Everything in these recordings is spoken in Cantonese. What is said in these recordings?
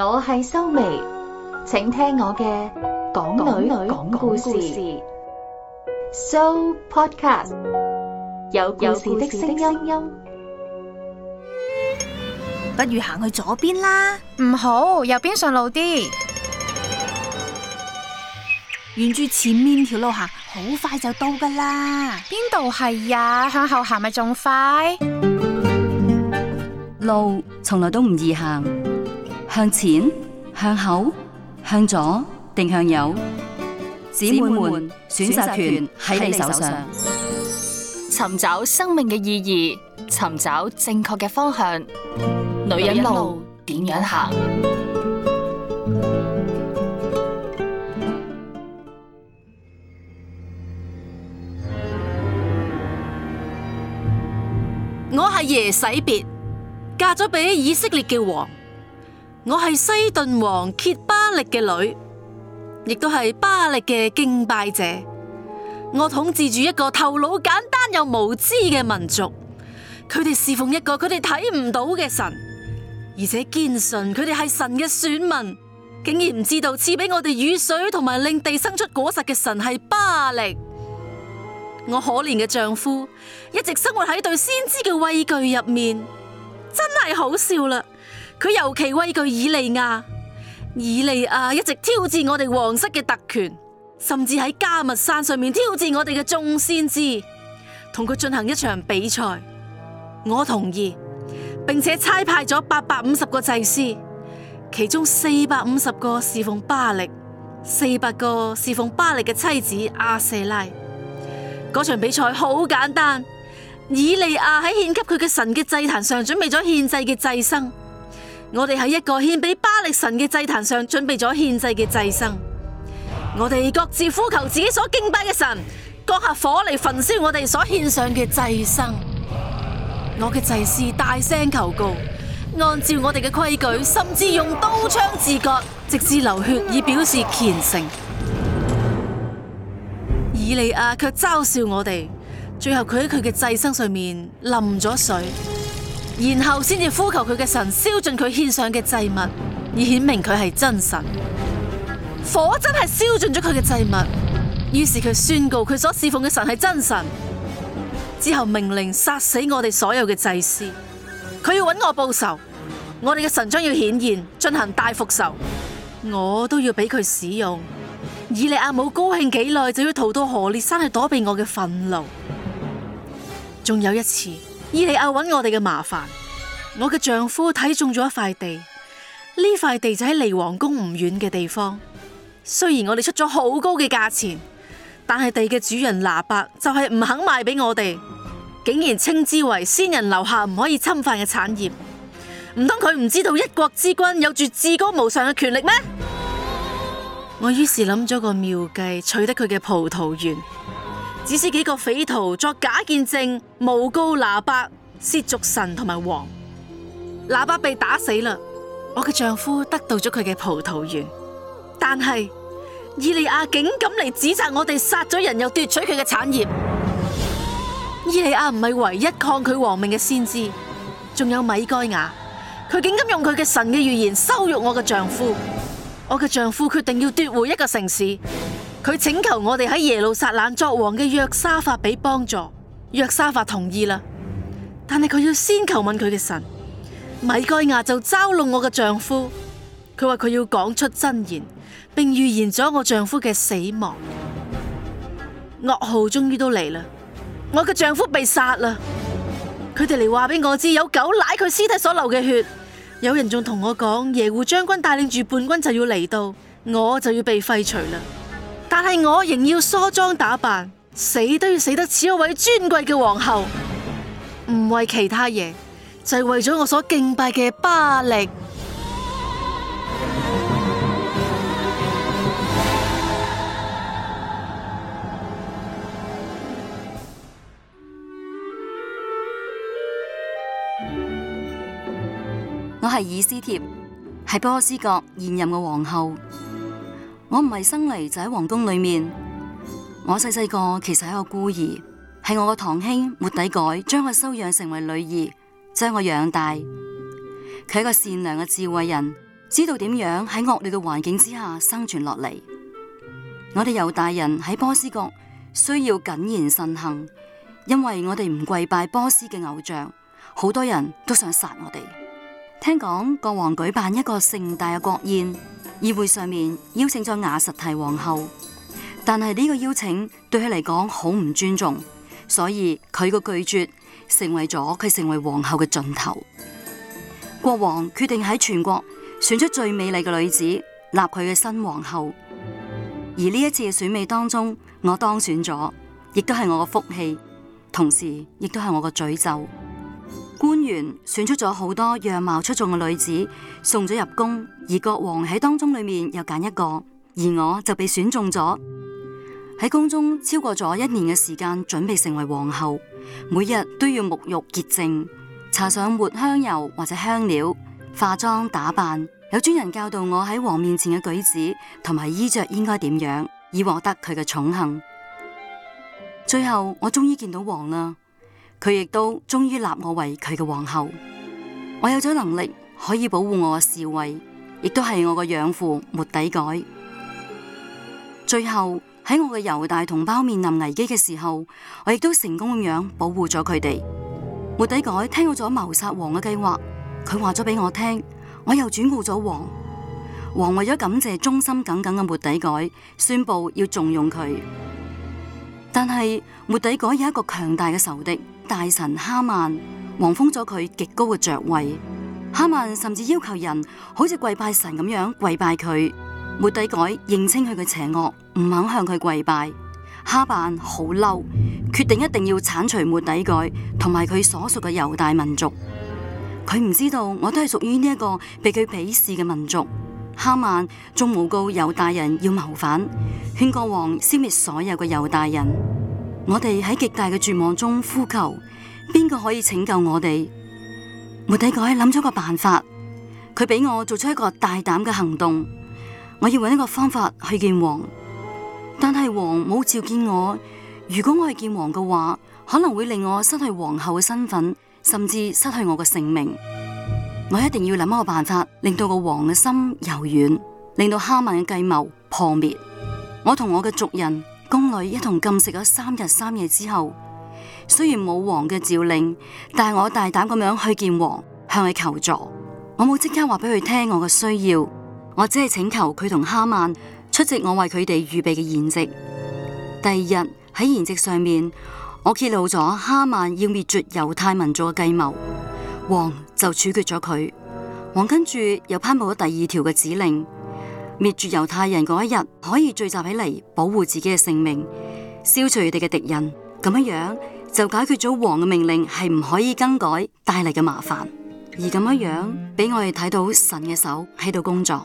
我係修眉，請聽我嘅港女講故事，講故事，So Podcast 有故事的聲音，聲音不如行去左邊啦。唔好，右邊順路啲，沿住前面條路行，好快就到㗎喇。邊度係呀？向後行咪仲快？路從來都唔易行。向前、向後、向左定向右，姊妹們選擇權喺你手上。尋找生命嘅意義，尋找正確嘅方向。女人一路點樣行？樣我係耶洗別，嫁咗俾以色列嘅王。我係西頓王謁巴力嘅女，亦都係巴力嘅敬拜者。我統治住一個頭腦簡單又無知嘅民族，佢哋侍奉一個佢哋睇唔到嘅神，而且堅信佢哋係神嘅選民，竟然唔知道賜俾我哋雨水同埋令地生出果實嘅神係巴力。我可憐嘅丈夫，一直生活喺對先知嘅畏懼入面，真係好笑啦！佢尤其畏懼以利亞，以利亞一直挑戰我哋皇室嘅特權，甚至喺加密山上面挑戰我哋嘅眾先知，同佢進行一場比賽。我同意，並且差派咗八百五十個祭司，其中四百五十個侍奉巴力，四百個侍奉巴力嘅妻子阿舍拉。嗰場比賽好簡單，以利亞喺獻給佢嘅神嘅祭壇上準備咗獻祭嘅祭牲。我哋喺一個獻俾巴力神嘅祭壇上準備咗獻祭嘅祭牲，我哋各自呼求自己所敬拜嘅神，降下火嚟焚燒我哋所獻上嘅祭牲。我嘅祭司大聲求告，按照我哋嘅規矩，甚至用刀槍自割，直至流血以表示虔誠。以利亞卻嘲笑我哋，最後佢喺佢嘅祭牲上面淋咗水。然後先至呼求佢嘅神，燒盡佢獻上嘅祭物，以顯明佢係真神。火真係燒盡咗佢嘅祭物，於是佢宣告佢所侍奉嘅神係真神。之後命令殺死我哋所有嘅祭司，佢要揾我報仇。我哋嘅神將要顯現，進行大復仇。我都要俾佢使用。以利亞冇高興幾耐，就要逃到何烈山去躲避我嘅憤怒。仲有一次。以利亞又揾我哋嘅麻煩。我嘅丈夫睇中咗一塊地，呢塊地就喺離王宮唔遠嘅地方。雖然我哋出咗好高嘅價錢，但係地嘅主人拿伯就係唔肯賣俾我哋，竟然稱之為先人留下唔可以侵犯嘅產業。唔通佢唔知道一國之君有住至高無上嘅權力咩？我於是諗咗個妙計，取得佢嘅葡萄園。只是幾個匪徒作假見證，誣告拿伯褻瀆神同埋王。拿伯被打死啦，我嘅丈夫得到咗佢嘅葡萄園，但係以利亞竟敢嚟指責我哋殺咗人又奪取佢嘅產業。以利亞唔係唯一抗拒王命嘅先知，仲有米該雅，佢竟敢用佢嘅神嘅預言羞辱我嘅丈夫。我嘅丈夫決定要奪回一個城市。佢請求我哋喺耶路撒冷作王嘅約沙法俾幫助，約沙法同意啦，但係佢要先求問佢嘅神。米蓋亞就嘲弄我嘅丈夫，佢話佢要講出真言，並預言咗我丈夫嘅死亡。噩耗終於都嚟啦，我嘅丈夫被殺啦。佢哋嚟話俾我知有狗舐佢屍體所流嘅血，有人仲同我講耶戶將軍帶領住叛軍就要嚟到，我就要被廢除啦。但係我仍要梳妝打扮，死都要死得似一位尊貴嘅皇后。唔為其他嘢，就係、是、為咗我所敬拜嘅巴力。我係以斯帖，係波斯國現任嘅皇后。我唔係生嚟就喺皇宮裏面，我細細個其實係一個孤兒，係我個堂兄末底改將我收養成為女兒，將我養大。佢係一個善良嘅智慧人，知道點樣喺惡劣嘅環境之下生存落嚟。我哋猶大人喺波斯國需要謹言慎行，因為我哋唔跪拜波斯嘅偶像，好多人都想殺我哋。聽講國王舉辦一個盛大嘅國宴。議會上面邀請咗雅實提皇后，但係呢個邀請對佢嚟講好唔尊重，所以佢嘅拒絕成為咗佢成為皇后嘅盡頭。國王決定喺全國選出最美麗嘅女子，立佢嘅新皇后，而呢一次嘅選美當中，我當選咗，亦都係我嘅福氣，同時亦都係我嘅詛咒。官員選出咗好多樣貌出眾嘅女子，送咗入宮，而國王喺當中裏面又揀一個，而我就被選中咗。喺宮中超過咗一年嘅時間，準備成為皇后，每日都要沐浴潔淨，搽上抹香油或者香料，化妝打扮，有專人教導我喺王面前嘅舉止同埋衣着應該點樣，以獲得佢嘅寵幸。最後，我終於見到王啦。佢亦都終於立我為佢嘅皇后，我有咗能力可以保護我嘅侍衛，亦都係我嘅養父末底改。最後喺我嘅猶大同胞面臨危機嘅時候，我亦都成功咁樣保護咗佢哋。末底改聽到咗謀殺王嘅計劃，佢話咗俾我聽，我又轉告咗王。王為咗感謝忠心耿耿嘅末底改，宣布要重用佢。但係末底改有一個強大嘅仇敵。大臣哈曼，王封咗佢極高嘅爵位。哈曼甚至要求人好似跪拜神咁樣跪拜佢。末底改認清佢嘅邪惡，唔肯向佢跪拜。哈曼好嬲，決定一定要鏟除末底改同埋佢所屬嘅猶大民族。佢唔知道，我都係屬於呢一個被佢鄙視嘅民族。哈曼仲誣告猶大人要謀反，勸國王消滅所有嘅猶大人。我哋喺極大嘅絕望中呼求，邊個可以拯救我哋？末底改諗咗個辦法，佢俾我做出一個大膽嘅行動。我要揾一個方法去見王，但係王冇召見我。如果我去見王嘅話，可能會令我失去皇后嘅身份，甚至失去我嘅性命。我一定要諗一個辦法，令到個王嘅心柔軟，令到哈曼嘅計謀破滅。我同我嘅族人。宮女一同禁食咗三日三夜之後，雖然冇王嘅詔令，但係我大膽咁樣去見王，向佢求助。我冇即刻話俾佢聽我嘅需要，我只係請求佢同哈曼出席我為佢哋預備嘅筵席。第二日喺筵席上面，我揭露咗哈曼要滅絕猶太民族嘅計謀，王就處決咗佢。王跟住又頒布咗第二條嘅指令。滅絕猶太人嗰一日，可以聚集起嚟保護自己嘅性命，消除佢哋嘅敵人，咁樣樣就解決咗王嘅命令係唔可以更改帶嚟嘅麻煩，而咁樣樣俾我哋睇到神嘅手喺度工作。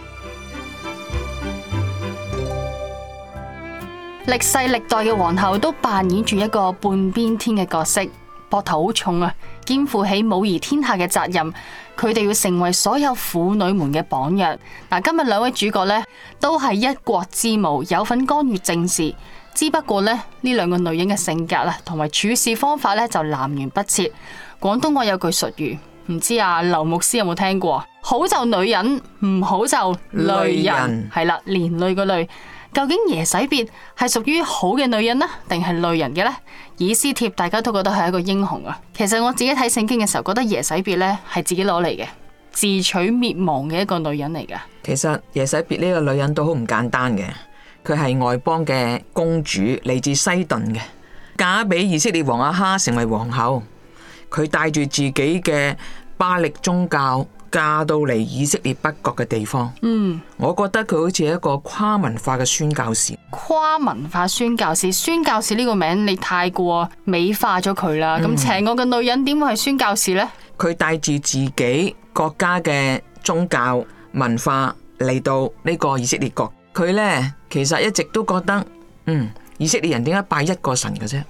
歷世歷代嘅皇后都扮演住一個半邊天嘅角色，膊頭好重啊，肩負起母儀天下嘅責任。佢哋要成為所有婦女們嘅榜樣。嗱，今日兩位主角呢，都係一國之母，有份干預政事。只不過呢，呢兩個女人嘅性格啊，同埋處事方法呢，就南轅北轍。廣東話有句俗語，唔知啊劉牧師有冇聽過？好就女人，唔好就累人，係啦女人，連累個累。究竟耶洗別係屬於好嘅女人呢，定係累人嘅呢？以斯帖大家都覺得係一個英雄啊。其實我自己睇聖經嘅時候，覺得耶洗別呢係自己攞嚟嘅，自取滅亡嘅一個女人嚟嘅。其實耶洗別呢個女人都好唔簡單嘅，佢係外邦嘅公主，嚟自西頓嘅，嫁俾以色列王阿哈成為皇后，佢帶住自己嘅巴力宗教，嫁到嚟以色列北國嘅地方，嗯，我覺得佢好似一個跨文化嘅宣教士。跨文化宣教士，宣教士呢個名你太過美化咗佢啦。咁請我嘅女人點會係宣教士呢？佢帶住自己國家嘅宗教文化嚟到呢個以色列國，佢呢其實一直都覺得，嗯，以色列人點解拜一個神嘅啫？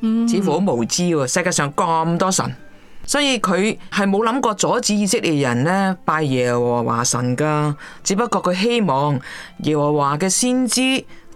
嗯，似乎好無知喎，世界上咁多神。所以佢係冇諗過阻止以色列人咧拜耶和華神噶，只不過佢希望耶和華嘅先知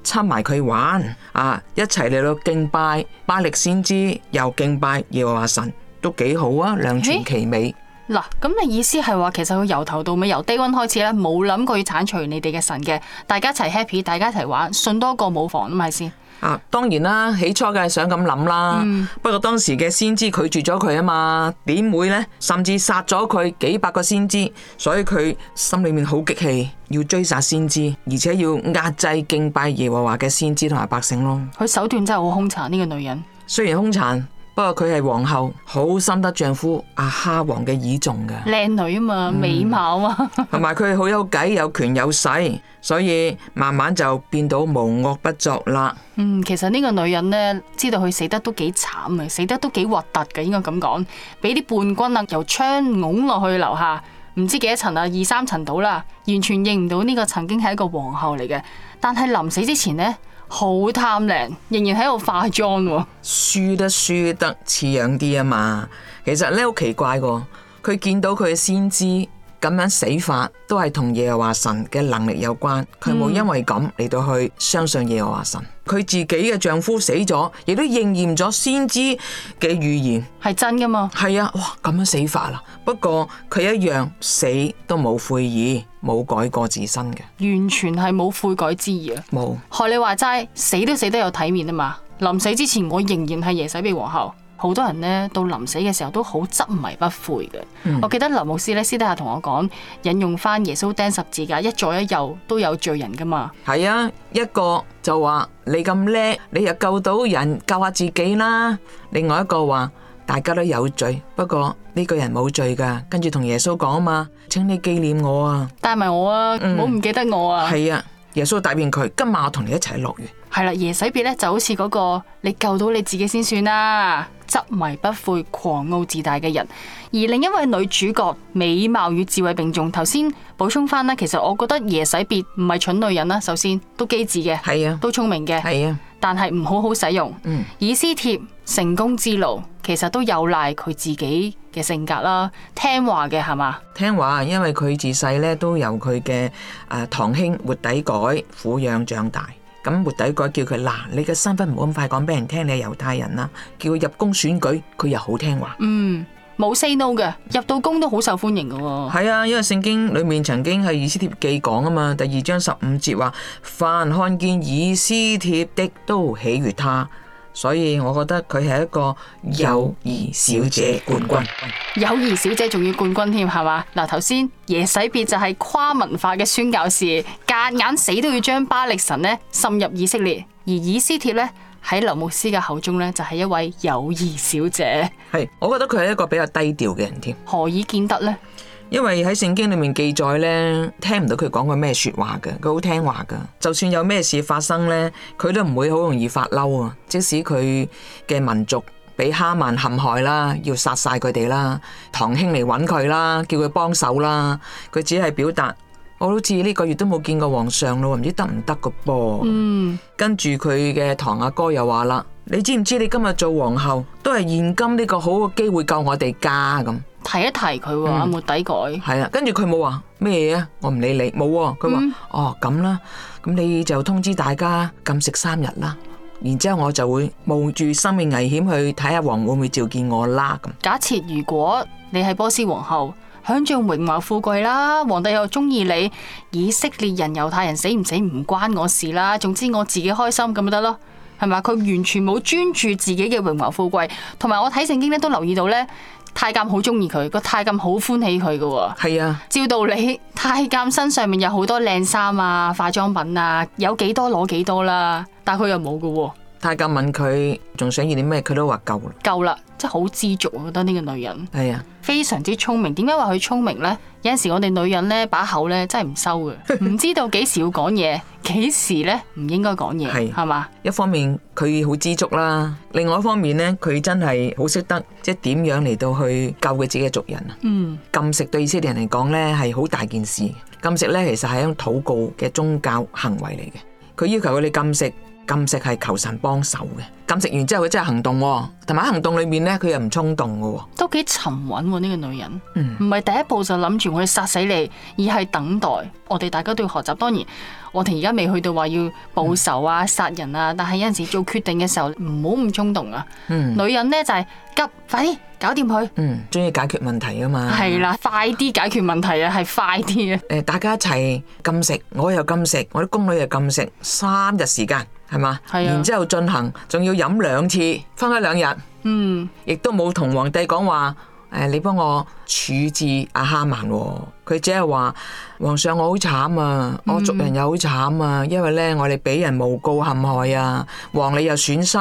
參埋佢玩，啊，一齊嚟到敬拜巴力先知，又敬拜耶和華神，都幾好啊，兩全其美。嗱，咁你意思係話，其實佢由頭到尾由 day one 開始咧，冇諗過要鏟除你哋嘅神嘅，大家一齊 happy，大家一齊玩，信多過冇妨啊咪先。啊，當然啦，起初梗係想咁諗啦，嗯、不過當時嘅先知拒絕咗佢啊嘛，點會呢？甚至殺咗佢幾百個先知，所以佢心裏面好激氣，要追殺先知，而且要壓制敬拜耶和華嘅先知同埋百姓咯。佢手段真係好凶殘呢、這個女人。雖然凶殘。不過佢係皇后，好深得丈夫阿、啊、哈王嘅倚重嘅。靚女啊嘛，嗯、美貌啊。同埋佢好有計，有權有勢，所以慢慢就變到無惡不作啦。嗯，其實呢個女人呢，知道佢死得都幾慘啊，死得都幾核突嘅，應該咁講。俾啲叛軍啊，由窗㧬落去樓下，唔知幾多層啊，二三層到啦，完全認唔到呢個曾經係一個皇后嚟嘅。但係臨死之前呢。好貪靚，仍然喺度化妝喎、哦。輸得輸得似樣啲啊嘛！其實咧好奇怪個、哦，佢見到佢嘅先知咁樣死法，都係同耶和華神嘅能力有關。佢冇因為咁嚟、嗯、到去相信耶和華神。佢自己嘅丈夫死咗，亦都應驗咗先知嘅預言，係真噶嘛？係啊！哇，咁樣死法啦。不過佢一樣死都冇悔意。冇改過自身嘅，完全係冇悔改之意啊！冇學有你話齋，死都死得有體面啊嘛！臨死之前，我仍然係耶洗別皇后。好多人呢，到臨死嘅時候都好執迷不悔嘅。嗯、我記得林牧師呢，私底下同我講，引用翻耶穌釘十字架一左一右都有罪人噶嘛係啊，一個就話你咁叻，你又救到人，救下自己啦。另外一個話。大家都有罪，不過呢個人冇罪噶，跟住同耶穌講啊嘛，請你紀念我啊，帶埋我啊，唔好唔記得我啊。係啊，耶穌答應佢，今晚我同你一齊喺樂園。係啦，啊，耶洗別咧就好似嗰，嗰個你救到你自己先算啦，執迷不悔，狂傲自大嘅人。而另一位女主角，美貌與智慧並重。頭先補充翻，呢，其實我覺得耶洗別唔係蠢女人啦，首先都機智嘅，係啊，都聰明嘅，係啊，但係唔好好使用。嗯，以斯帖。成功之路其實都有賴佢自己嘅性格啦，聽話嘅係嘛？聽話，因為佢自細咧都由佢嘅誒堂兄活底改撫養長大。咁活底改叫佢嗱，你嘅身份唔好咁快講俾人聽，你係猶太人啦。叫佢入宮選舉，佢又好聽話。嗯，冇 say no 嘅，入到宮都好受歡迎嘅喎、哦。係啊，因為聖經裡面曾經係以斯帖記講啊嘛，第二章十五節話：凡看見以斯帖的都喜悅他。所以我覺得佢係一個友誼小姐冠軍，友誼小姐仲要冠軍添，係咪？嗱，頭先耶洗別就係跨文化嘅宣教士，夾硬，硬死都要將巴力神呢滲入以色列，而以斯帖呢，喺劉牧師嘅口中呢，就係一位友誼小姐。係，我覺得佢係一個比較低調嘅人添。何以見得呢？因為喺聖經裏面記載咧，聽唔到佢講過咩說話嘅，佢好聽話噶。就算有咩事發生咧，佢都唔會好容易發嬲啊。即使佢嘅民族俾哈曼陷害啦，要殺晒佢哋啦，堂兄嚟揾佢啦，叫佢幫手啦，佢只係表達，我好似呢個月都冇見過皇上咯，唔知得唔得噶噃。嗯，跟住佢嘅堂阿哥又話啦，你知唔知你今日做皇后都係現今呢個好嘅機會救我哋家咁。提一提佢喎，冇、嗯、底改。係啊，跟住佢冇話咩嘢啊，我唔理你，冇、啊。佢話、嗯、哦咁啦，咁你就通知大家禁食三日啦，然之後我就會冒住生命危險去睇下王會唔會召見我啦咁。假設如果你係波斯皇后，享受榮華富貴啦，皇帝又中意你，以色列人、猶太人死唔死唔關我事啦，總之我自己開心咁就得咯，係咪？佢完全冇專注自己嘅榮華富貴，同埋我睇聖經咧都留意到呢。太監好鍾意佢，個太監好歡喜佢㗎喎。係啊，照道理，太監身上面有好多靚衫啊、化妝品啊，有幾多攞幾多啦，啊。但係佢又冇㗎喎。太監問佢仲想要啲咩，佢都話夠啦。夠啦。真係好知足，我覺得呢個女人係啊，非常之聰明。點解話佢聰明呢？有陣時我哋女人呢，把口呢真係唔收嘅，唔知道幾時要講嘢，幾時呢唔應該講嘢，係係嘛？吧一方面佢好知足啦，另外一方面呢，佢真係好識得即係點樣嚟到去救佢自己嘅族人啊！嗯，禁食對以色列人嚟講呢係好大件事。禁食呢，其實係一種禱告嘅宗教行為嚟嘅，佢要求佢哋禁食。禁食係求神幫手嘅，禁食完之後佢真係行動、哦，同埋行動裏面咧佢又唔衝動嘅、哦，都幾沉穩呢、啊，這個女人。唔係、嗯、第一步就諗住我要殺死你，而係等待。我哋大家都要學習，當然我哋而家未去到話要報仇啊、殺、嗯、人啊，但係有陣時做決定嘅時候唔好咁衝動啊。嗯、女人呢，就係、是、急，快啲搞掂佢。嗯，中意解決問題啊嘛。係啦，快啲解決問題啊，係快啲啊。大家一齊禁食，我又禁食，我啲宮女又禁食，三日時間。係嘛？然之後進行，仲要飲兩次，分開兩日。嗯，亦都冇同皇帝講話。誒、哎，你幫我處置阿哈曼、哦。佢只係話皇上我好慘啊，我族人又好慘啊，因為咧我哋俾人誣告陷害啊，皇你又損失，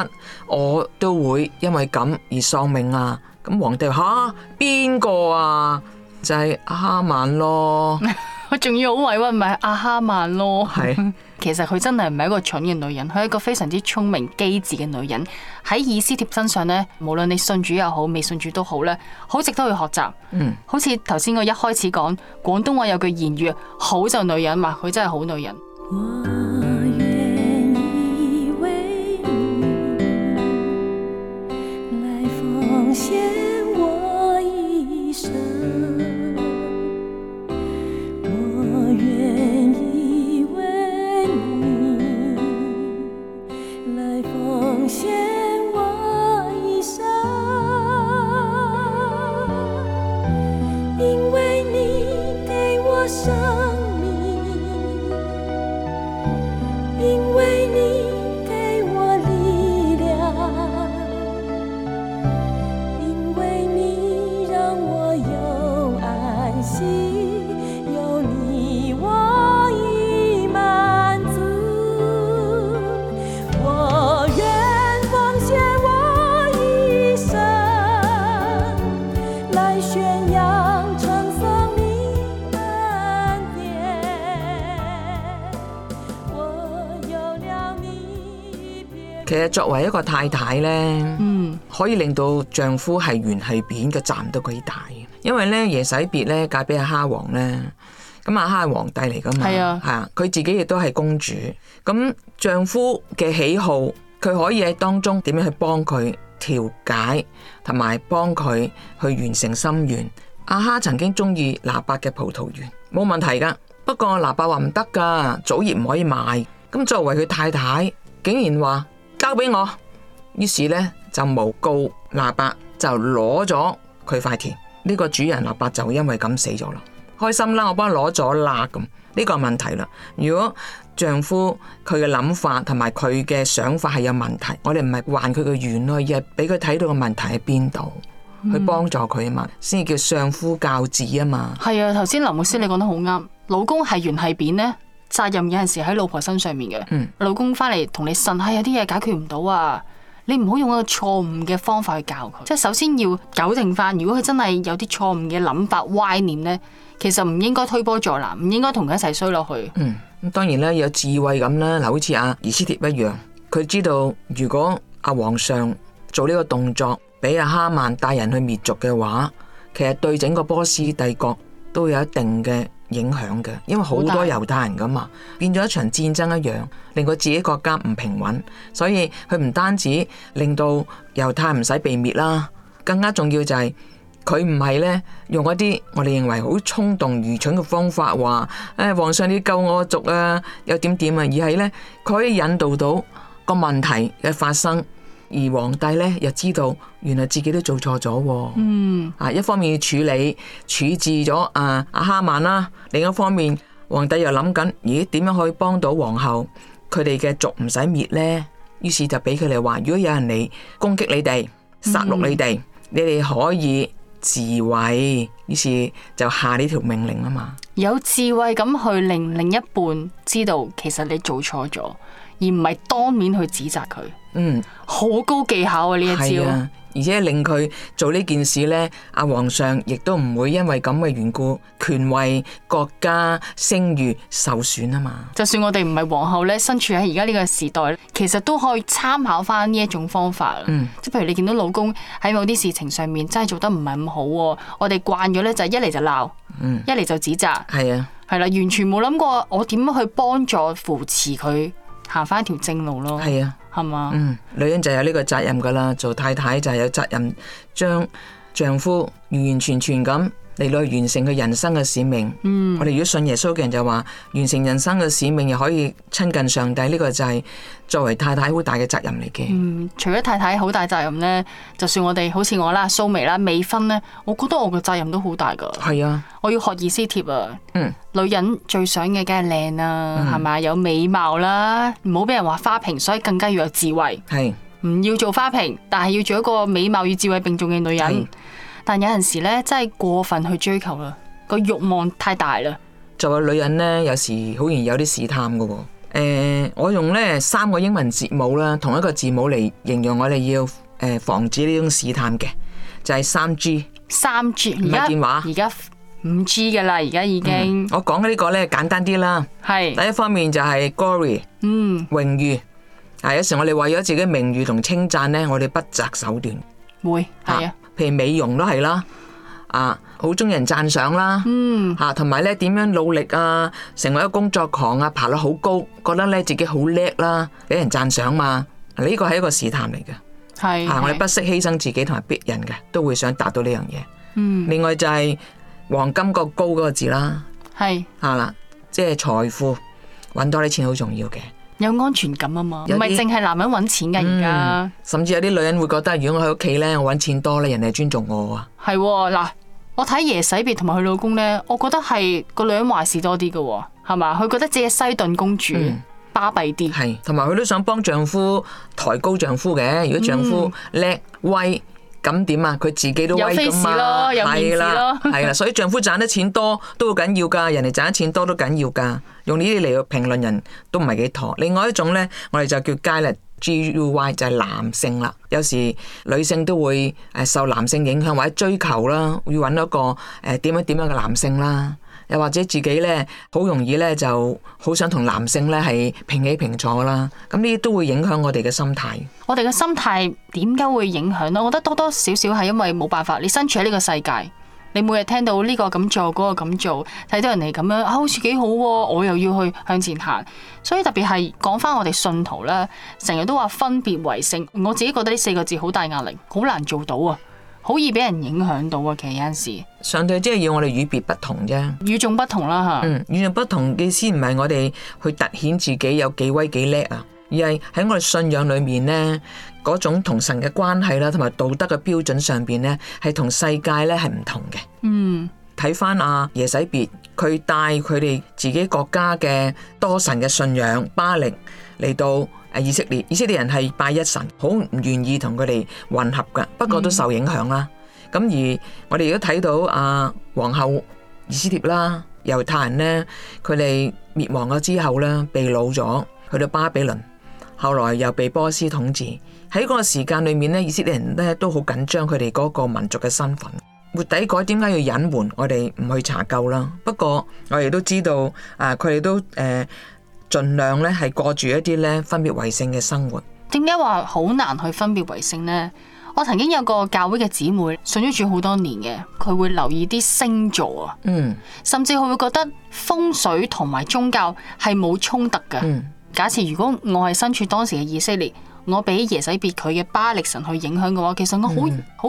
我都會因為咁而喪命啊。咁皇帝話吓，邊個啊？就係、是、阿哈曼咯。 佢仲要好委屈，咪阿、啊、哈曼咯。係， 其實佢真係唔係一個蠢嘅女人，佢係一個非常之聰明機智嘅女人。喺以斯帖身上呢，無論你信主又好，未信主都好咧，好值得去學習。嗯，好似頭先我一開始講廣東話有句言語，好就女人嘛，佢真係好女人。雷一個太太咧，嗯、可以令到丈夫係圓係扁嘅賺到佢大。因為呢，耶洗別呢，嫁俾阿哈王呢。咁阿哈係皇帝嚟噶嘛，係啊，佢、啊、自己亦都係公主。咁丈夫嘅喜好，佢可以喺當中點樣去幫佢調解，同埋幫佢去完成心願。阿、啊、哈曾經中意喇伯嘅葡萄園，冇問題噶。不過喇伯話唔得噶，祖業唔可以賣。咁作為佢太太，竟然話。交俾我，於是咧就誣告臘伯，就攞咗佢塊田。呢、這個主人臘伯就因為咁死咗啦。開心啦，我幫佢攞咗啦咁。呢、這個問題啦，如果丈夫佢嘅諗法同埋佢嘅想法係有問題，我哋唔係還佢嘅冤，我哋係俾佢睇到個問題喺邊度，嗯、去幫助佢啊嘛，先至叫相夫教子啊嘛。係啊，頭先林老師你講得好啱，老公係圓係扁呢，責任有陣時喺老婆身上面嘅，嗯、老公翻嚟同你呻，係、哎、有啲嘢解決唔到啊！你唔好用一個錯誤嘅方法去教佢，即係首先要糾正翻。如果佢真係有啲錯誤嘅諗法、歪念呢，其實唔應該推波助瀾，唔應該同佢一齊衰落去。嗯，咁當然咧有智慧咁啦，嗱、啊，好似以斯帖一樣，佢知道如果阿皇上做呢個動作，俾阿哈曼帶人去滅族嘅話，其實對整個波斯帝國都有一定嘅影響嘅，因為好多猶太人噶嘛，變咗一場戰爭一樣，令佢自己國家唔平穩，所以佢唔單止令到猶太唔使被滅啦，更加重要就係佢唔係呢——用一啲我哋認為好衝動愚蠢嘅方法話，誒、哎、皇上你救我族啊，有點點啊，而係呢，佢可以引導到個問題嘅發生。而皇帝咧又知道，原來自己都做錯咗、啊。嗯，啊，一方面要處理處置咗啊阿哈曼啦、啊，另一方面皇帝又諗緊，咦點樣可以幫到皇后佢哋嘅族唔使滅呢？於是就俾佢哋話：如果有人嚟攻擊你哋、殺戮你哋，嗯、你哋可以自衞。於是就下呢條命令啊嘛。有智慧咁去令另一半知道，其實你做錯咗，而唔係當面去指責佢。嗯，好高技巧啊！呢一招，啊，而且令佢做呢件事咧，阿、啊、皇上亦都唔會因為咁嘅緣故，權位、國家聲譽受損啊嘛。就算我哋唔係皇后咧，身處喺而家呢個時代，其實都可以參考翻呢一種方法。嗯，即係譬如你見到老公喺某啲事情上面真係做得唔係咁好，我哋慣咗咧就一嚟，就鬧，嗯，一嚟就指責，係啊，係啦、啊，完全冇諗過我點樣去幫助扶持佢行翻一條正路咯，係啊。butcher mail 或係嘛？嗯，女人就有呢個責任噶啦，做太太就有責任，將丈夫完完全全咁。嚟到完成佢人生嘅使命。嗯，我哋如果信耶穌嘅人就話完成人生嘅使命，又可以親近上帝。呢個就係作為太太好大嘅責任嚟嘅。嗯，除咗太太好大責任呢，就算我哋好似我啦、蘇眉啦、美婚呢，我覺得我嘅責任都好大噶。係啊，我要學意思貼啊。嗯，女人最想嘅梗係靚啦，係咪、嗯？有美貌啦，唔好俾人話花瓶，所以更加要有智慧。係是，唔是要做花瓶，但係要做一個美貌與智慧並重嘅女人。但有陣時咧，真係過分去追求啦，個慾望太大啦。作為女人咧，有時好容易有啲試探噶喎，哦。誒、呃，我用咧三個英文字母啦，同一個字母嚟形容我哋要誒、呃、防止呢種試探嘅，就係、是、三 G, G。三 G 唔係電話，而家五 G 噶啦，而家已經。嗯、我講嘅呢個咧簡單啲啦。係是。第一方面就係 glory，嗯，榮譽。啊，有時我哋為咗自己名譽同稱讚咧，我哋不擇手段。會係啊。譬如美容都係啦，啊，好中意人讚賞啦，嗯，吓同埋咧點樣努力啊，成為一個工作狂啊，爬到好高，覺得咧自己好叻啦，俾人讚賞嘛。呢個係一個試探嚟嘅，吓係、啊、我哋不惜犧牲自己同埋逼人嘅，都會想達到呢樣嘢。嗯、另外就係黃金個高嗰個字啦，係吓啦，即係財富揾多啲錢好重要嘅。有安全感啊嘛，唔係淨係男人揾錢嘅，而家、嗯、甚至有啲女人會覺得，如果我喺屋企呢，我搵錢多呢，人哋尊重我啊。係嗱、哦，我睇耶洗別同埋佢老公呢，我覺得係個女人壞事多啲噶，係嘛，佢覺得自己係西頓公主巴閉啲，係同埋佢都想幫丈夫抬高丈夫嘅。如果丈夫叻、嗯、威。咁點啊？佢自己都威㗎嘛，係啦，係啦的， 所以丈夫賺得錢多都好緊要㗎，人哋賺得錢多都緊要㗎，用呢啲嚟去評論人都唔係幾妥。另外一種咧，我哋就叫 guy G U Y 就係男性啦。有時女性都會誒受男性影響或者追求啦，要揾一個誒點樣點樣嘅男性啦。又或者自己咧，好容易咧，就好想同男性咧係平起平坐啦。咁呢啲都會影響我哋嘅心態。我哋嘅心態點解會影響呢？我覺得多多少少係因為冇辦法。你身處喺呢個世界，你每日聽到呢個咁做，嗰個咁做，睇到人哋咁樣，啊，好似幾好啊，我又要去向前行。所以特別係講翻我哋信徒啦，成日都話分別為聖，我自己覺得呢四個字好大壓力，好難做到啊！好易俾人影響到啊！其實有陣時上帝即係要我哋與別不同啫，與眾不同啦嚇。嗯，與眾不同嘅意思唔係我哋去突顯自己有幾威幾叻啊，而係喺我哋信仰裏面呢，嗰種同神嘅關係啦，同埋道德嘅標準上邊呢，係同世界呢係唔同嘅。嗯，睇翻阿耶洗別，佢帶佢哋自己國家嘅多神嘅信仰巴力嚟到。啊、以色列，以色列人係拜一神，好唔願意同佢哋混合噶。不過都受影響啦。咁、嗯、而我哋都睇到啊皇后以斯列帖啦，猶太人呢，佢哋滅亡咗之後呢，被擄咗去到巴比倫，後來又被波斯統治。喺嗰個時間裏面呢，以色列人呢都好緊張佢哋嗰個民族嘅身份。末底改點解要隱瞞我哋唔去查究啦？不過我哋都知道啊，佢哋都誒。呃儘量咧係過住一啲咧分別為聖嘅生活。點解話好難去分別為聖呢？我曾經有個教會嘅姊妹信咗住好多年嘅，佢會留意啲星座啊，嗯，甚至佢會覺得風水同埋宗教係冇衝突噶。嗯、假設如果我係身處當時嘅以色列，我俾耶洗別佢嘅巴力神去影響嘅話，其實我好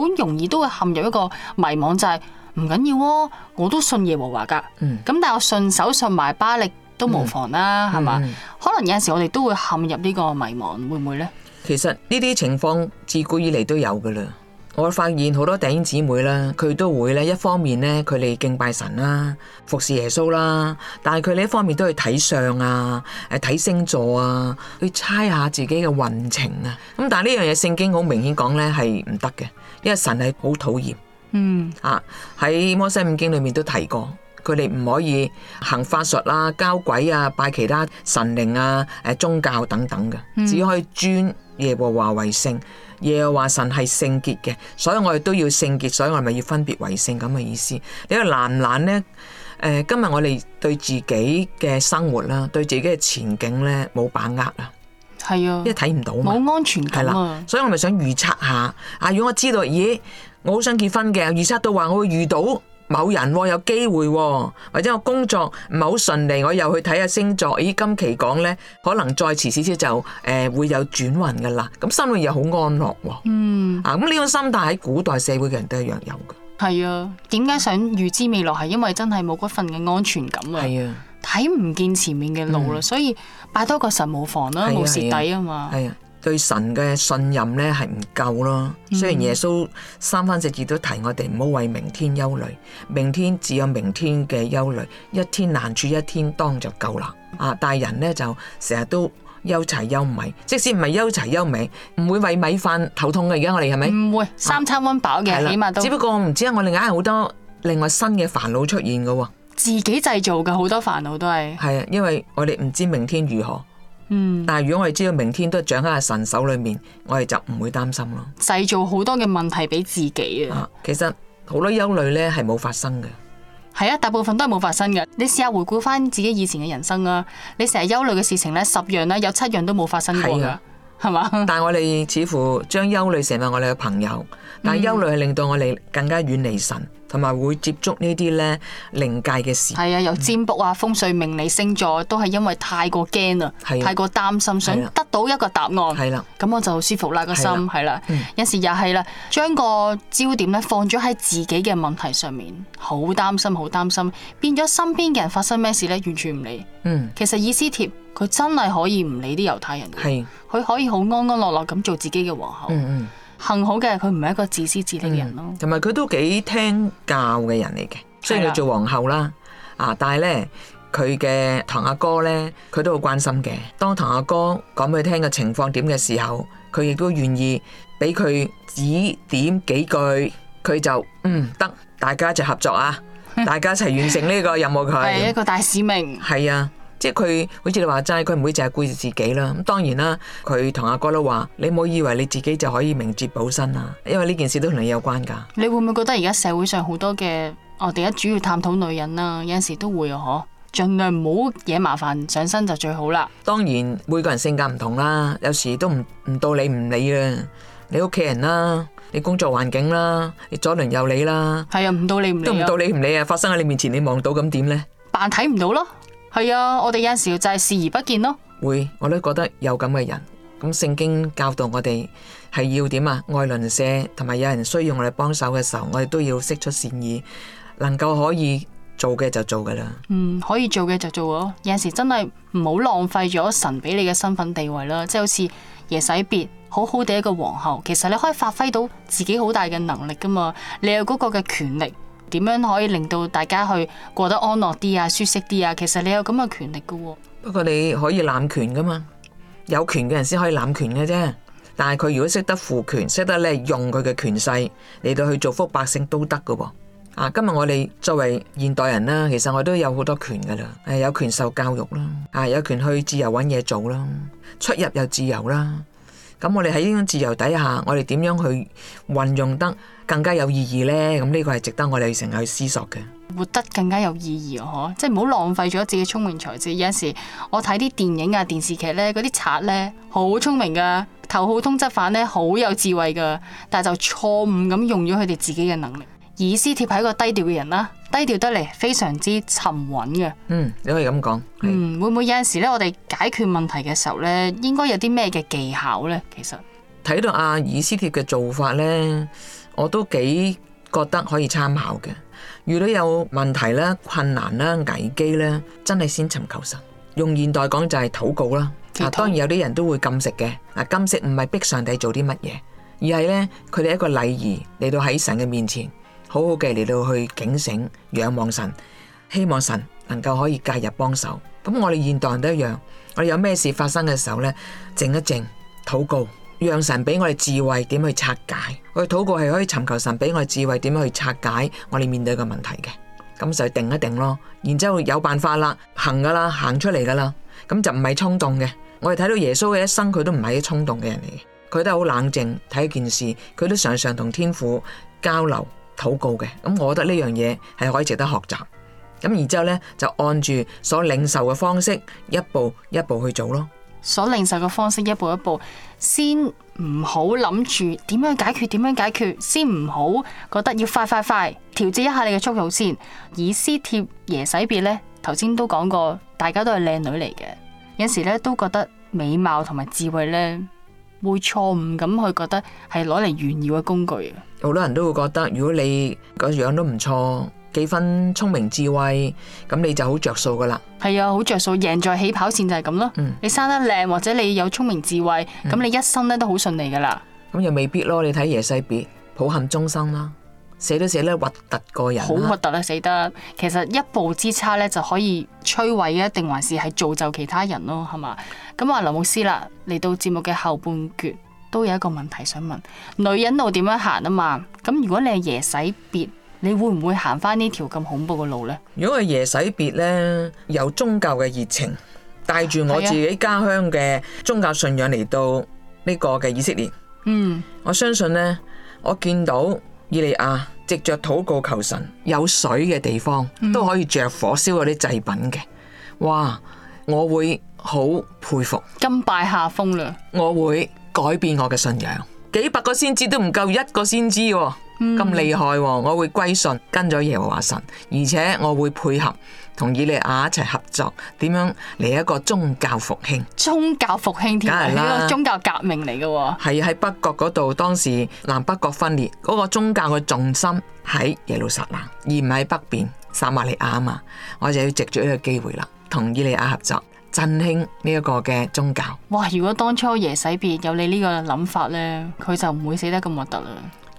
好、嗯、容易都會陷入一個迷惘，就係、是、唔緊要啊、哦，我都信耶和華噶，嗯，咁但係我順手信埋巴力。都冇妨啦，係嘛？可能有陣時我哋都會陷入呢個迷茫，會唔會呢？其實呢啲情況自古以嚟都有噶啦。我發現好多弟兄姊妹啦，佢都會咧，一方面呢，佢哋敬拜神啦，服侍耶穌啦，但係佢呢一方面都去睇相啊，誒睇星座啊，去猜下自己嘅運程啊。咁但係呢樣嘢聖經好明顯，講呢係唔得嘅，因為神係好討厭。嗯，啊喺摩西五經裏面都提過。佢哋唔可以行法術啦、啊、交鬼啊、拜其他神靈啊、誒、呃、宗教等等嘅，嗯、只可以尊耶和華為聖。耶和華神係聖潔嘅，所以我哋都要聖潔，所以我咪要分別為聖咁嘅意思。你話難唔難咧？誒、呃，今日我哋對自己嘅生活啦，對自己嘅前景咧冇把握啊，係啊，因為睇唔到嘛，冇安全感啊，所以我咪想預測下。啊，如果我知道，咦，我好想結婚嘅，預測到話我會遇到。某人有機會，或者我工作唔係好順利，我又去睇下星座。咦，今期講呢，可能再遲少少就誒、呃、會有轉運噶啦。咁心裏又好安樂喎。嗯，啊，咁呢個心態喺古代社會嘅人都一樣有嘅。係啊，點解想預知未來？係因為真係冇嗰份嘅安全感啊，係啊，睇唔見前面嘅路啦，嗯、所以拜多個神冇妨啦，冇蝕底啊嘛。係啊。對神嘅信任咧，係唔夠咯，雖然耶穌三番四次都提我哋唔好為明天憂慮，明天只有明天嘅憂慮，一天難處一天當就夠啦。啊，大人咧就成日都憂柴憂米，即使唔係憂柴憂米，唔會為米飯頭痛嘅。而家我哋係咪？唔會三餐溫飽嘅，起碼都。只不過唔知啊，我哋硬係好多另外新嘅煩惱出現噶喎。自己製造嘅好多煩惱都係。係啊，因為我哋唔知明天如何。嗯，但係如果我哋知道明天都係掌握喺神手裏面，我哋就唔會擔心咯，製造好多嘅問題俾自己啊！其實好多憂慮咧係冇發生嘅，係啊，大部分都係冇發生嘅。你試下回顧翻自己以前嘅人生啊，你成日憂慮嘅事情咧十樣咧，有七樣都冇發生過噶，係嘛，啊？吧但係我哋似乎將憂慮成為我哋嘅朋友，嗯，但係憂慮係令到我哋更加遠離神。同埋會接觸呢啲咧靈界嘅事，係啊，有占卜啊、風水、命理、星座，都係因為太過驚啊，太過擔心，想得到一個答案，係啦，咁我就舒服啦個心，係啦，有時又係啦，將個焦點咧放咗喺自己嘅問題上面，好擔心，好擔心，變咗身邊嘅人發生咩事咧，完全唔理。其實以斯帖佢真係可以唔理啲猶太人，佢可以好安安樂樂咁做自己嘅皇后。幸好嘅，佢唔係一個自私自利嘅人咯，同埋佢都幾聽教嘅人嚟嘅，的雖然佢做皇后啦，啊，但係咧佢嘅堂阿哥咧，佢都好關心嘅。當堂阿哥講俾佢聽嘅情況點嘅時候，佢亦都願意俾佢指點幾句，佢就嗯得，大家一齊合作啊， 大家一齊完成呢、呢個任務。佢係 一個大使命，係啊。即係佢，好似你話齋，佢唔會淨係顧住自己啦。咁當然啦，佢同阿哥都話，你唔好以為你自己就可以明哲保身啊，因為呢件事都同你有關噶。你會唔會覺得而家社會上好多嘅？我哋而家主要探討女人啦、啊，有陣時都會哦、啊，嗬，盡量唔好惹麻煩上身就最好啦。當然，每個人性格唔同啦，有時都唔唔到你唔理啊。你屋企人啦，你工作環境啦，你左鄰右里啦，係啊，唔到你唔理都唔到你唔理啊。發生喺你面前，你望到咁點呢？扮睇唔到咯。係啊，我哋有陣時就係視而不見咯。會，我都覺得有咁嘅人。咁聖經教導我哋係要點啊？愛鄰舍，同埋有人需要我哋幫手嘅時候，我哋都要釋出善意，能夠可以做嘅就做噶啦。嗯，可以做嘅就做咯。有陣時真係唔好浪費咗神俾你嘅身份地位啦。即係好似耶洗別，好好地一個皇后，其實你可以發揮到自己好大嘅能力噶嘛。你有嗰個嘅權力。點樣可以令到大家去過得安樂啲啊，舒適啲啊？其實你有咁嘅權力嘅喎，哦。不過你可以濫權噶嘛？有權嘅人先可以濫權嘅啫。但係佢如果識得賦權，識得咧用佢嘅權勢嚟到去造福百姓都得嘅喎。啊，今日我哋作為現代人啦，其實我都有好多權噶啦。誒，有權受教育啦，啊，有權去自由搵嘢做啦，出入又自由啦。咁我哋喺呢種自由底下，我哋點樣去運用得更加有意義呢？咁呢個係值得我哋成日去思索嘅，活得更加有意義啊！即係唔好浪費咗自己聰明才智。有陣時我睇啲電影啊、電視劇呢，嗰啲賊呢，好聰明噶，頭號通緝犯呢，好有智慧噶，但係就錯誤咁用咗佢哋自己嘅能力。以斯帖係一個低調嘅人啦，低調得嚟，非常之沉穩嘅。嗯，你可以咁講。嗯，會唔會有陣時咧？我哋解決問題嘅時候咧，應該有啲咩嘅技巧咧？其實睇到阿、啊、以斯帖嘅做法咧，我都幾覺得可以參考嘅。遇到有問題啦、困難啦、危機咧，真係先尋求神。用現代講就係禱告啦。啊他，當然有啲人都會禁食嘅。啊，禁食唔係逼上帝做啲乜嘢，而係咧佢哋一個禮儀嚟到喺神嘅面前面。好好嘅嚟到去警醒仰望神，希望神能夠可以介入幫手。咁我哋現代人都一樣，我哋有咩事發生嘅時候呢，靜一靜禱告，讓神俾我哋智慧點去拆解。我哋禱告係可以尋求神俾我哋智慧點樣去拆解我哋面對嘅問題嘅。咁就定一定咯，然之後有辦法啦，行噶啦，行出嚟噶啦，咁就唔係衝動嘅。我哋睇到耶穌嘅一生，佢都唔係一衝動嘅人嚟，佢都好冷靜睇一件事，佢都常常同天父交流。禱告嘅，咁我覺得呢樣嘢係可以值得學習。咁然之後呢，就按住所領受嘅方式，一步一步去做咯。所領受嘅方式，一步一步，先唔好諗住點樣解決，點樣解決，先唔好覺得要快快快，調節一下你嘅速度先。以斯帖、耶洗別呢，頭先都講過，大家都係靚女嚟嘅，有時呢都覺得美貌同埋智慧呢會錯誤咁去覺得係攞嚟炫耀嘅工具。好多人都會覺得，如果你個樣都唔錯，幾分聰明智慧，咁你就好着數噶啦。係啊，好着數，贏在起跑線就係咁咯。嗯、你生得靚或者你有聰明智慧，咁你一生咧都好順利噶啦。咁又、嗯嗯、未必咯，你睇耶洗別抱憾終生啦，死都死得核突過人。好核突啊，死得，其實一步之差咧就可以摧毀啊，定還是係造就其他人咯，係嘛？咁啊，林牧師啦，嚟到節目嘅後半段。都有一個問題想問，女人路點樣行啊嘛？咁，如果你係耶洗別，你會唔會行返呢條咁恐怖嘅路呢？如果係耶洗別呢，由宗教嘅熱情，帶住我自己家鄉嘅宗教信仰嚟到呢個嘅以色列。嗯，我相信呢，我見到以利亞藉着禱告求神，有水嘅地方都可以着火燒嗰啲祭品嘅。哇，我會好佩服，甘拜下風啦。我會。改變我嘅信仰，幾百個先知都唔夠一個先知、哦，咁厲害，嗯、哦，我會歸順，跟咗耶和華神，而且我會配合同以利亞一齊合作，點樣嚟？一個宗教復興？宗教復興添，呢個宗教革命嚟嘅，係喺北國嗰度，當時南北國分裂，嗰、那個宗教嘅重心喺耶路撒冷，而唔喺北邊撒瑪利亞啊嘛，我就要藉住呢個機會啦，同以利亞合作。振興呢一個嘅宗教。哇！如果當初耶洗別有你呢個諗法呢，佢就唔會死得咁核突啦。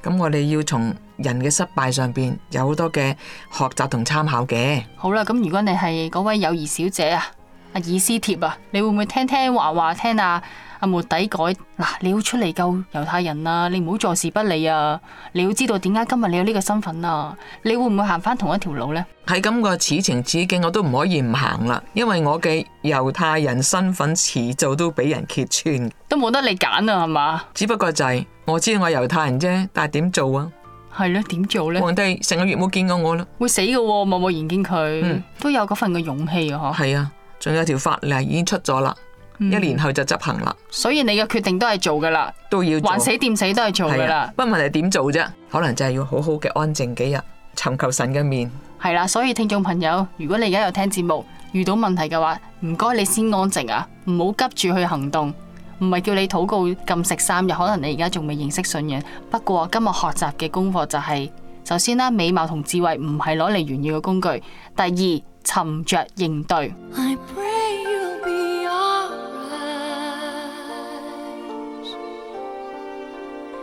咁我哋要從人嘅失敗上邊有好多嘅學習同參考嘅。好啦，咁如果你係嗰位友誼小姐啊，阿以斯帖啊，你會唔會聽聽話話聽啊？阿末底改嗱、啊，你要出嚟救猶太人啊！你唔好坐視不理啊！你要知道點解今日你有呢個身份啊！你會唔會行返同一條路呢？喺咁個此情此景，我都唔可以唔行啦，因為我嘅猶太人身份遲早都俾人揭穿，都冇得你揀啊，係嘛？只不過就係、是、我知道我係猶太人啫，但係點做啊？係咯，點做呢？皇帝成個月冇見過我咯，會死嘅喎、啊！貿貿然見佢、嗯、都有嗰份嘅勇氣啊！嗬，係啊，仲有條法例已經出咗啦。一年後就執行啦，所以你嘅決定都係做噶啦，都要還死掂死都係做噶啦。不過問題點做啫？可能就係要好好嘅安靜幾日，尋求神嘅面。係啦，所以聽眾朋友，如果你而家有聽節目遇到問題嘅話，唔該你先安靜啊，唔好急住去行動。唔係叫你禱告禁食三日，可能你而家仲未認識信仰。不過今日學習嘅功課就係，首先啦，美貌同智慧唔係攞嚟炫耀嘅工具。第二，沉着應對。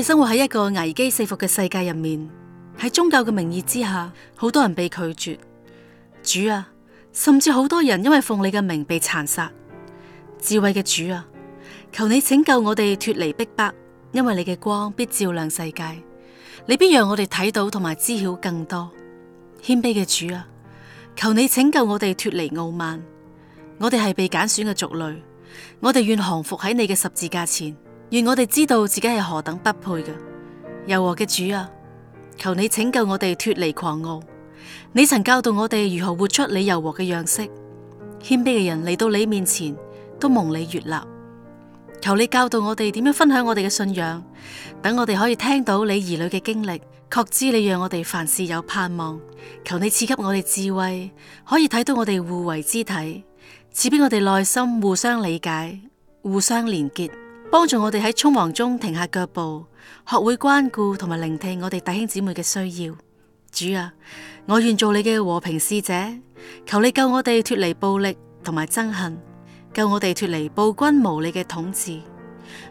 你生活喺一個危機四伏嘅世界入面，喺宗教嘅名義之下，好多人被拒絕。主啊，甚至好多人因為奉你嘅名被殘殺。智慧嘅主啊，求你拯救我哋脱離逼迫，因為你嘅光必照亮世界，你必讓我哋睇到同埋知曉更多。謙卑嘅主啊，求你拯救我哋脱離傲慢。我哋係被揀選嘅族類，我哋願降服喺你嘅十字架前。願我哋知道自己係何等不配嘅。柔和嘅主啊！求你拯救我哋脫離狂傲。你曾教導我哋如何活出你柔和嘅樣式，謙卑嘅人嚟到你面前都蒙你悅納。求你教導我哋點樣分享我哋嘅信仰，等我哋可以聽到你兒女嘅經歷，確知你讓我哋凡事有盼望。求你賜給我哋智慧，可以睇到我哋互為肢體，賜俾我哋內心互相理解、互相連結。幫助我哋喺匆忙中停下腳步，學會關顧同埋聆聽我哋弟兄姊妹嘅需要。主啊，我願做你嘅和平使者，求你救我哋脫離暴力同埋憎恨，救我哋脫離暴君無理嘅統治。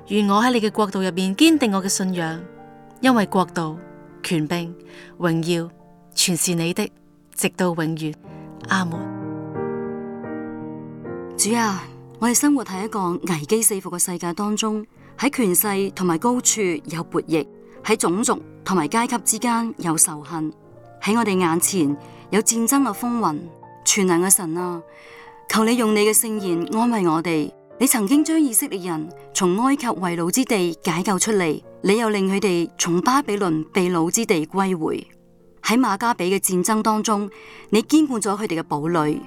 願我喺你嘅國度入面堅定我嘅信仰，因為國度、權柄、榮耀，全是你的，直到永遠。阿門。主啊。我哋生活喺一個危機四伏嘅世界當中，喺權勢同埋高處有博弈，喺種族同埋階級之間有仇恨，喺我哋眼前有戰爭嘅風雲。全能嘅神啊，求你用你嘅聖言安慰我哋。你曾經將以色列人從埃及為奴之地解救出嚟，你又令佢哋從巴比倫被擄之地歸回。喺馬加比嘅戰爭當中，你堅固咗佢哋嘅堡壘，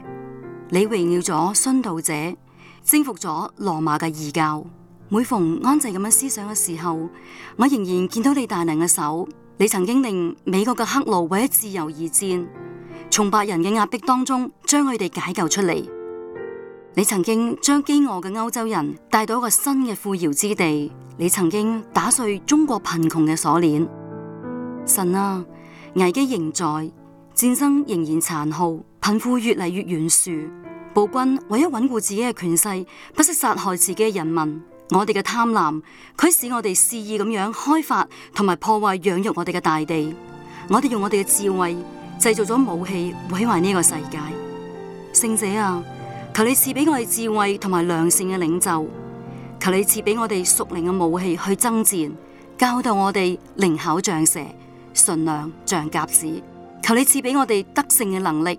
你榮耀咗殉道者。征服咗羅馬嘅異教。每逢安靜咁樣思想嘅時候，我仍然見到你大能嘅手。你曾經令美國嘅黑奴為咗自由而戰，從白人嘅壓迫當中將佢哋解救出嚟。你曾經將飢餓嘅歐洲人帶到一個新嘅富饒之地。你曾經打碎中國貧窮嘅鎖鏈。神啊，危機仍在，戰爭仍然殘酷，貧富越嚟越懸殊。暴君為咗穩固自己嘅權勢，不惜殺害自己嘅人民。我哋嘅貪婪驅使我哋肆意咁樣開發同埋破壞養育我哋嘅大地。我哋用我哋嘅智慧製造咗武器，毀壞呢個世界。聖者啊，求你賜俾我哋智慧同埋良善嘅領袖。求你賜俾我哋屬靈嘅武器去爭戰，教導我哋靈巧像蛇，純良像鴿子。求你賜俾我哋得勝嘅能力。